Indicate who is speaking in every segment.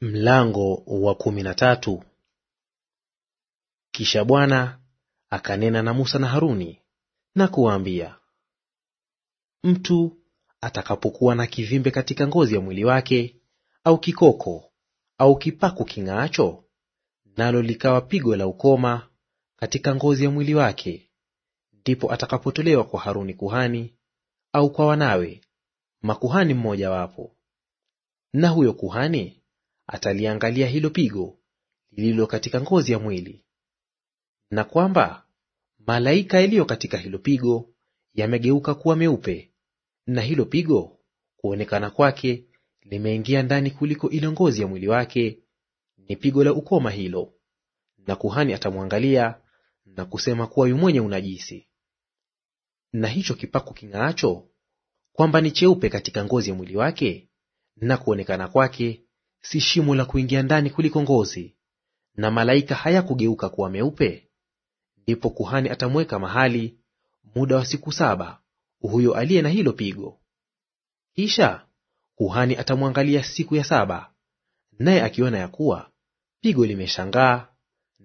Speaker 1: Mlango wa kumi na tatu. Kisha Bwana akanena na Musa na Haruni na kuwaambia, mtu atakapokuwa na kivimbe katika ngozi ya mwili wake au kikoko au kipaku king'aacho, nalo likawa pigo la ukoma katika ngozi ya mwili wake, ndipo atakapotolewa kwa Haruni kuhani au kwa wanawe makuhani mmojawapo, na huyo kuhani ataliangalia hilo pigo lililo katika ngozi ya mwili, na kwamba malaika yaliyo katika hilo pigo yamegeuka kuwa meupe, na hilo pigo kuonekana kwake limeingia ndani kuliko ile ngozi ya mwili wake, ni pigo la ukoma hilo. Na kuhani atamwangalia na kusema kuwa yu mwenye unajisi. Na hicho kipaku king'aacho, kwamba ni cheupe katika ngozi ya mwili wake, na kuonekana kwake si shimo la kuingia ndani kuliko ngozi, na malaika hayakugeuka kuwa meupe, ndipo kuhani atamweka mahali muda wa siku saba huyo aliye na hilo pigo. Kisha kuhani atamwangalia siku ya saba, naye akiona ya kuwa pigo limeshangaa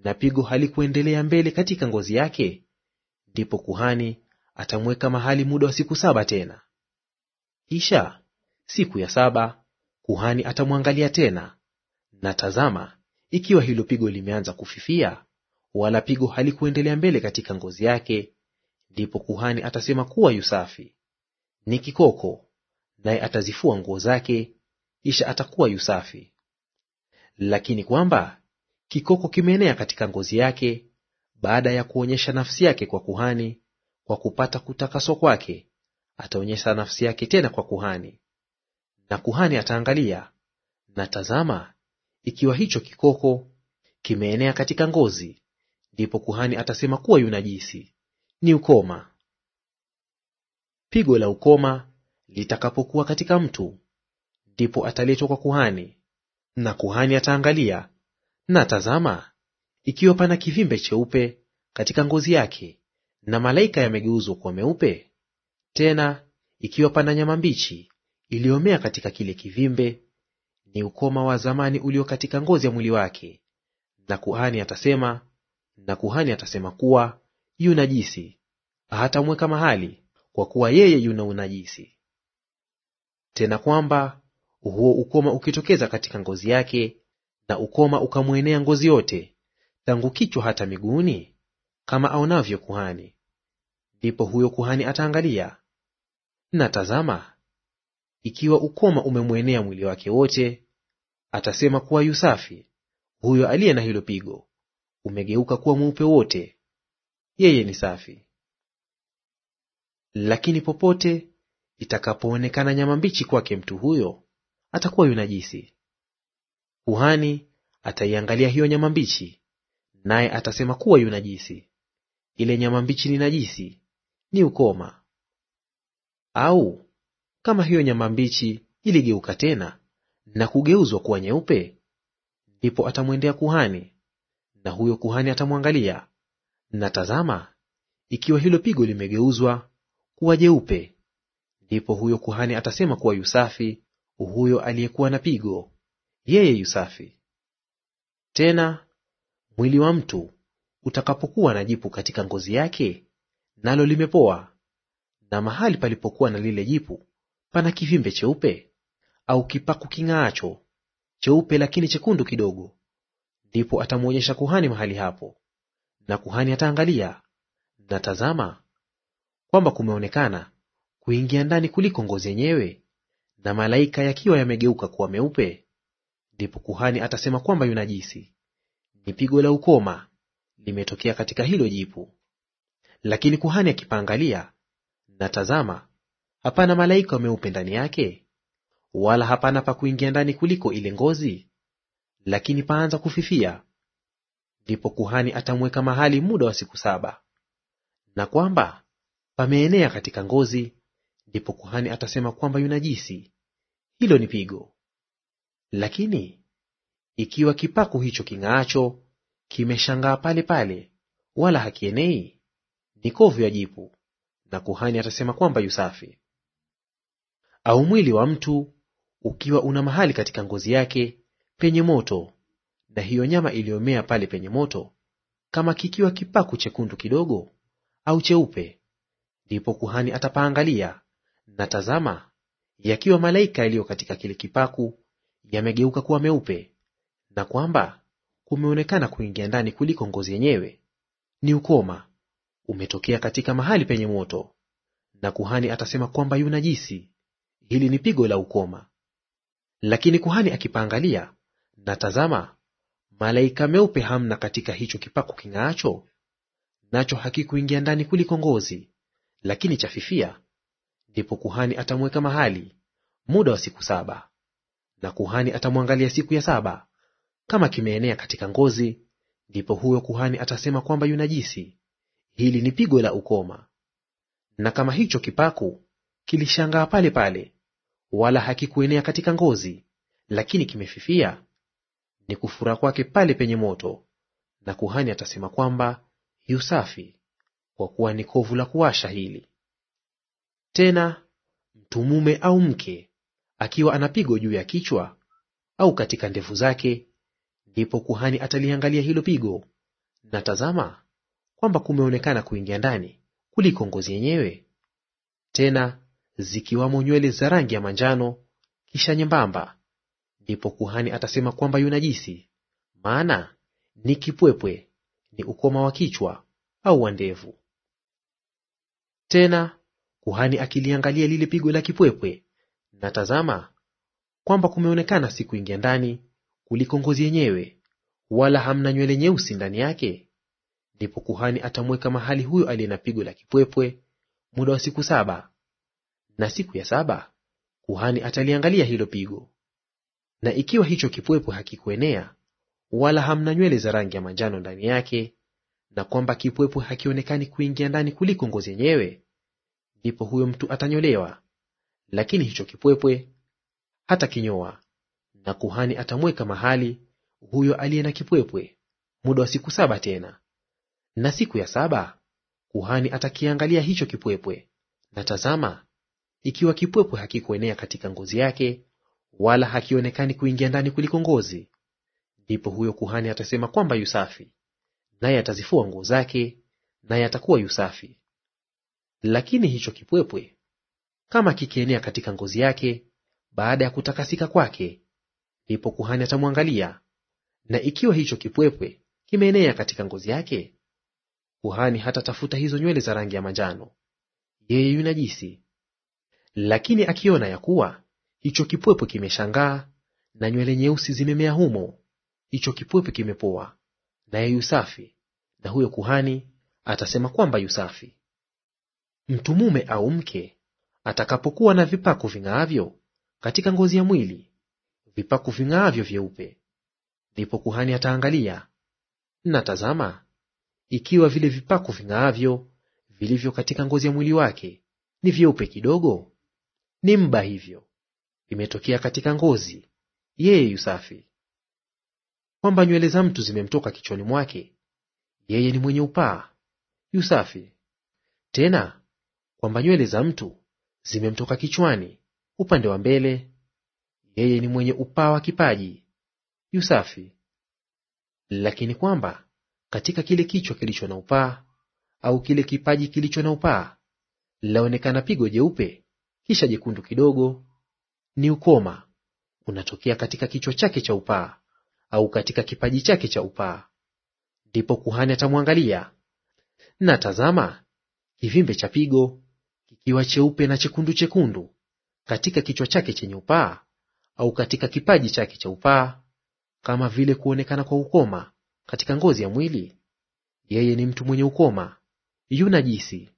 Speaker 1: na pigo halikuendelea mbele katika ngozi yake, ndipo kuhani atamweka mahali muda wa siku saba tena. Kisha siku ya saba kuhani atamwangalia tena, na tazama, ikiwa hilo pigo limeanza kufifia, wala pigo halikuendelea mbele katika ngozi yake, ndipo kuhani atasema kuwa yusafi; ni kikoko, naye atazifua nguo zake, kisha atakuwa yusafi. Lakini kwamba kikoko kimeenea katika ngozi yake baada ya kuonyesha nafsi yake kwa kuhani, kwa kupata kutakaswa kwake, ataonyesha nafsi yake tena kwa kuhani na kuhani ataangalia, na tazama, ikiwa hicho kikoko kimeenea katika ngozi, ndipo kuhani atasema kuwa yunajisi; ni ukoma. Pigo la ukoma litakapokuwa katika mtu, ndipo ataletwa kwa kuhani, na kuhani ataangalia, na tazama, ikiwa pana kivimbe cheupe katika ngozi yake, na malaika yamegeuzwa kuwa meupe; tena ikiwa pana nyama mbichi iliyomea katika kile kivimbe ni ukoma wa zamani ulio katika ngozi ya mwili wake, na kuhani atasema na kuhani atasema kuwa yu najisi, hatamweka mahali, kwa kuwa yeye yuna unajisi. Tena kwamba huo ukoma ukitokeza katika ngozi yake, na ukoma ukamwenea ngozi yote, tangu kichwa hata miguuni, kama aonavyo kuhani, ndipo huyo kuhani ataangalia, na tazama, ikiwa ukoma umemwenea mwili wake wote, atasema kuwa yu safi huyo aliye na hilo pigo; umegeuka kuwa mweupe wote, yeye ni safi. Lakini popote itakapoonekana nyama mbichi kwake mtu huyo, atakuwa yunajisi Kuhani ataiangalia hiyo nyama mbichi, naye atasema kuwa yunajisi ile nyama mbichi ni najisi, ni ukoma. Au kama hiyo nyama mbichi iligeuka tena na kugeuzwa kuwa nyeupe, ndipo atamwendea kuhani, na huyo kuhani atamwangalia, na tazama, ikiwa hilo pigo limegeuzwa kuwa jeupe, ndipo huyo kuhani atasema kuwa yusafi huyo aliyekuwa na pigo, yeye yusafi. Tena mwili wa mtu utakapokuwa na jipu katika ngozi yake, nalo limepoa, na mahali palipokuwa na lile jipu pana kivimbe cheupe au kipaku king'aacho cheupe lakini chekundu kidogo, ndipo atamwonyesha kuhani mahali hapo. Na kuhani ataangalia, na tazama, kwamba kumeonekana kuingia ndani kuliko ngozi yenyewe, na malaika yakiwa yamegeuka kuwa meupe, ndipo kuhani atasema kwamba yunajisi; ni pigo la ukoma limetokea katika hilo jipu. Lakini kuhani akipaangalia, na tazama Hapana malaika meupe ndani yake, wala hapana pa kuingia ndani kuliko ile ngozi, lakini paanza kufifia. Ndipo kuhani atamweka mahali muda wa siku saba, na kwamba pameenea katika ngozi, ndipo kuhani atasema kwamba yunajisi; hilo ni pigo. Lakini ikiwa kipaku hicho king'aacho kimeshangaa pale pale, wala hakienei, ni kovu ya jipu, na kuhani atasema kwamba yusafi au mwili wa mtu ukiwa una mahali katika ngozi yake penye moto, na hiyo nyama iliyomea pale penye moto, kama kikiwa kipaku chekundu kidogo au cheupe, ndipo kuhani atapaangalia, na tazama, yakiwa malaika yaliyo katika kile kipaku yamegeuka kuwa meupe, na kwamba kumeonekana kuingia ndani kuliko ngozi yenyewe, ni ukoma umetokea katika mahali penye moto, na kuhani atasema kwamba yu najisi, hili ni pigo la ukoma. Lakini kuhani akipaangalia, na tazama, malaika meupe hamna katika hicho kipaku king'aacho, nacho hakikuingia ndani kuliko ngozi, lakini chafifia. Ndipo kuhani atamweka mahali muda wa siku saba, na kuhani atamwangalia siku ya saba; kama kimeenea katika ngozi, ndipo huyo kuhani atasema kwamba yunajisi. Hili ni pigo la ukoma. Na kama hicho kipaku kilishangaa pale pale wala hakikuenea katika ngozi, lakini kimefifia, ni kufura kwake pale penye moto. Na kuhani atasema kwamba yu safi, kwa kuwa ni kovu la kuwasha hili. Tena mtu mume au mke akiwa anapigwa juu ya kichwa au katika ndevu zake, ndipo kuhani ataliangalia hilo pigo, na tazama, kwamba kumeonekana kuingia ndani kuliko ngozi yenyewe. Tena zikiwamo nywele za rangi ya manjano, kisha nyembamba, ndipo kuhani atasema kwamba yu najisi, maana ni kipwepwe, ni ukoma wa kichwa au wa ndevu. Tena kuhani akiliangalia lile pigo la kipwepwe, na tazama, kwamba kumeonekana si kuingia ndani kuliko ngozi yenyewe, wala hamna nywele nyeusi ndani yake, ndipo kuhani atamweka mahali huyo aliye na pigo la kipwepwe muda wa siku saba na siku ya saba kuhani ataliangalia hilo pigo. Na ikiwa hicho kipwepo hakikuenea wala hamna nywele za rangi ya manjano ndani yake, na kwamba kipwepo hakionekani kuingia ndani kuliko ngozi yenyewe, ndipo huyo mtu atanyolewa, lakini hicho kipwepwe hatakinyoa. Na kuhani atamweka mahali huyo aliye na kipwepwe muda wa siku saba tena. Na siku ya saba kuhani atakiangalia hicho kipwepwe, na tazama, ikiwa kipwepwe hakikuenea katika ngozi yake, wala hakionekani kuingia ndani kuliko ngozi, ndipo huyo kuhani atasema kwamba yusafi, naye atazifua nguo zake, naye atakuwa yusafi. Lakini hicho kipwepwe kama kikienea katika ngozi yake baada ya kutakasika kwake, ndipo kuhani atamwangalia, na ikiwa hicho kipwepwe kimeenea katika ngozi yake, kuhani hatatafuta hizo nywele za rangi ya manjano; yeye yunajisi najisi, lakini akiona ya kuwa hicho kipwepo kimeshangaa na nywele nyeusi zimemea humo, hicho kipwepo kimepoa, naye yusafi, na huyo kuhani atasema kwamba yusafi. Mtu mume au mke atakapokuwa na vipaku ving'aavyo katika ngozi ya mwili, vipaku ving'aavyo vyeupe, ndipo kuhani ataangalia, na tazama, ikiwa vile vipaku ving'aavyo vilivyo katika ngozi ya mwili wake ni vyeupe kidogo, ni mba hivyo, imetokea katika ngozi, yeye yusafi. Kwamba nywele za mtu zimemtoka kichwani mwake, yeye ni mwenye upaa, yusafi. Tena kwamba nywele za mtu zimemtoka kichwani upande wa mbele, yeye ni mwenye upaa wa kipaji, yusafi. Lakini kwamba katika kile kichwa kilicho na upaa au kile kipaji kilicho na upaa laonekana pigo jeupe kisha jekundu kidogo ni ukoma, unatokea katika kichwa chake cha upaa au katika kipaji chake cha upaa. Ndipo kuhani atamwangalia, na tazama, kivimbe cha pigo kikiwa cheupe na chekundu chekundu katika kichwa chake chenye upaa au katika kipaji chake cha upaa, kama vile kuonekana kwa ukoma katika ngozi ya mwili, yeye ni mtu mwenye ukoma, yu najisi.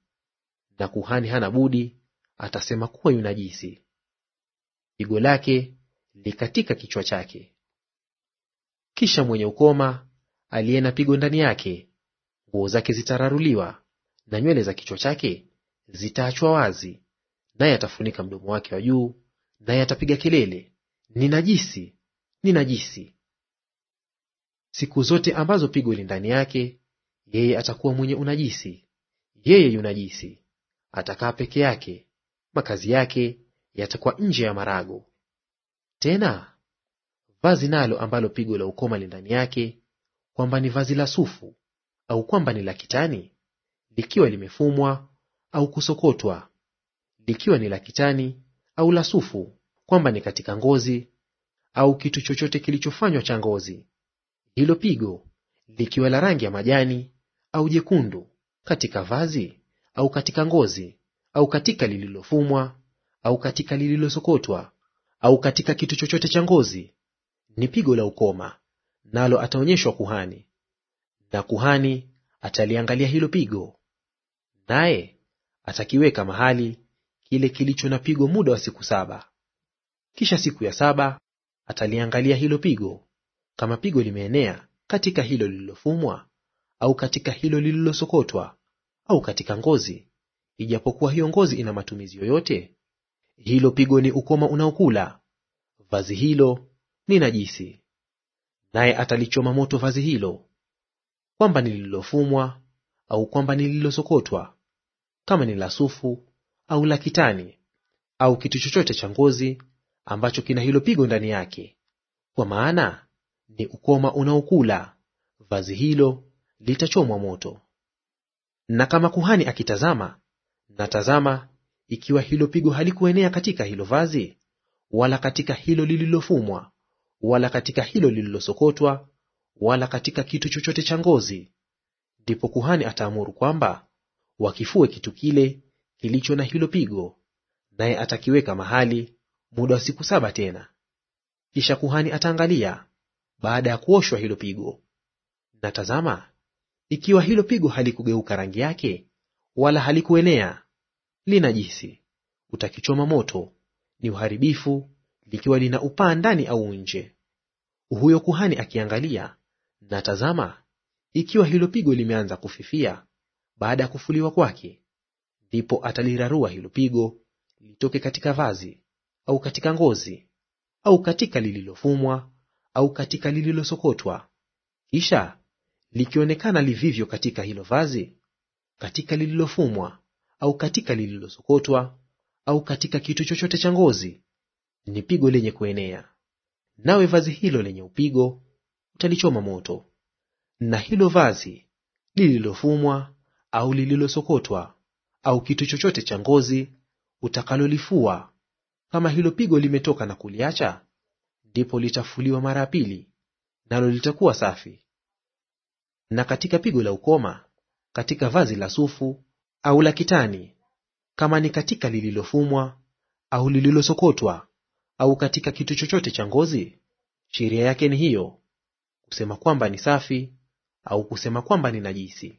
Speaker 1: Na kuhani hana budi atasema kuwa yunajisi pigo lake likatika kichwa chake. Kisha mwenye ukoma aliye na pigo ndani yake, nguo zake zitararuliwa, na nywele za kichwa chake zitaachwa wazi, naye atafunika mdomo wake wa juu, naye atapiga kelele, ni najisi, ni najisi. Siku zote ambazo pigo li ndani yake, yeye atakuwa mwenye unajisi, yeye yunajisi atakaa peke yake, makazi yake yatakuwa nje ya marago. Tena vazi nalo ambalo pigo la ukoma li ndani yake, kwamba ni vazi la sufu au kwamba ni la kitani, likiwa limefumwa au kusokotwa, likiwa ni la kitani au la sufu, kwamba ni katika ngozi au kitu chochote kilichofanywa cha ngozi, hilo pigo likiwa la rangi ya majani au jekundu, katika vazi au katika ngozi, au katika lililofumwa au katika lililosokotwa au katika kitu chochote cha ngozi, ni pigo la ukoma, nalo ataonyeshwa kuhani, na kuhani ataliangalia hilo pigo, naye atakiweka mahali kile kilicho na pigo muda wa siku saba. Kisha siku ya saba ataliangalia hilo pigo, kama pigo limeenea katika hilo lililofumwa au katika hilo lililosokotwa au katika ngozi, Ijapokuwa hiyo ngozi ina matumizi yoyote, hilo pigo ni ukoma unaokula vazi hilo, ni najisi. Naye atalichoma moto vazi hilo, kwamba ni lililofumwa au kwamba ni lililosokotwa, kama ni la sufu au la kitani au kitu chochote cha ngozi ambacho kina hilo pigo ndani yake, kwa maana ni ukoma unaokula vazi hilo, litachomwa moto. Na kama kuhani akitazama na tazama, ikiwa hilo pigo halikuenea katika hilo vazi, wala katika hilo lililofumwa, wala katika hilo lililosokotwa, wala katika kitu chochote cha ngozi, ndipo kuhani ataamuru kwamba wakifue kitu kile kilicho na hilo pigo, naye atakiweka mahali muda wa siku saba tena. Kisha kuhani ataangalia baada ya kuoshwa hilo pigo. Na tazama, ikiwa hilo pigo halikugeuka rangi yake, wala halikuenea, linajisi, utakichoma moto; ni uharibifu, likiwa lina upaa ndani au nje. Huyo kuhani akiangalia, na tazama, ikiwa hilo pigo limeanza kufifia baada ya kufuliwa kwake, ndipo atalirarua hilo pigo litoke katika vazi au katika ngozi au katika lililofumwa au katika lililosokotwa. Kisha likionekana livivyo katika hilo vazi, katika lililofumwa, au katika lililosokotwa au katika kitu chochote cha ngozi, ni pigo lenye kuenea. Nawe vazi hilo lenye upigo utalichoma moto. Na hilo vazi lililofumwa au lililosokotwa au kitu chochote cha ngozi utakalolifua, kama hilo pigo limetoka na kuliacha, ndipo litafuliwa mara ya pili, nalo litakuwa safi. Na katika pigo la ukoma, katika vazi la sufu au la kitani, kama ni katika lililofumwa au lililosokotwa au katika kitu chochote cha ngozi, sheria yake ni hiyo, kusema kwamba ni safi au kusema kwamba ni najisi.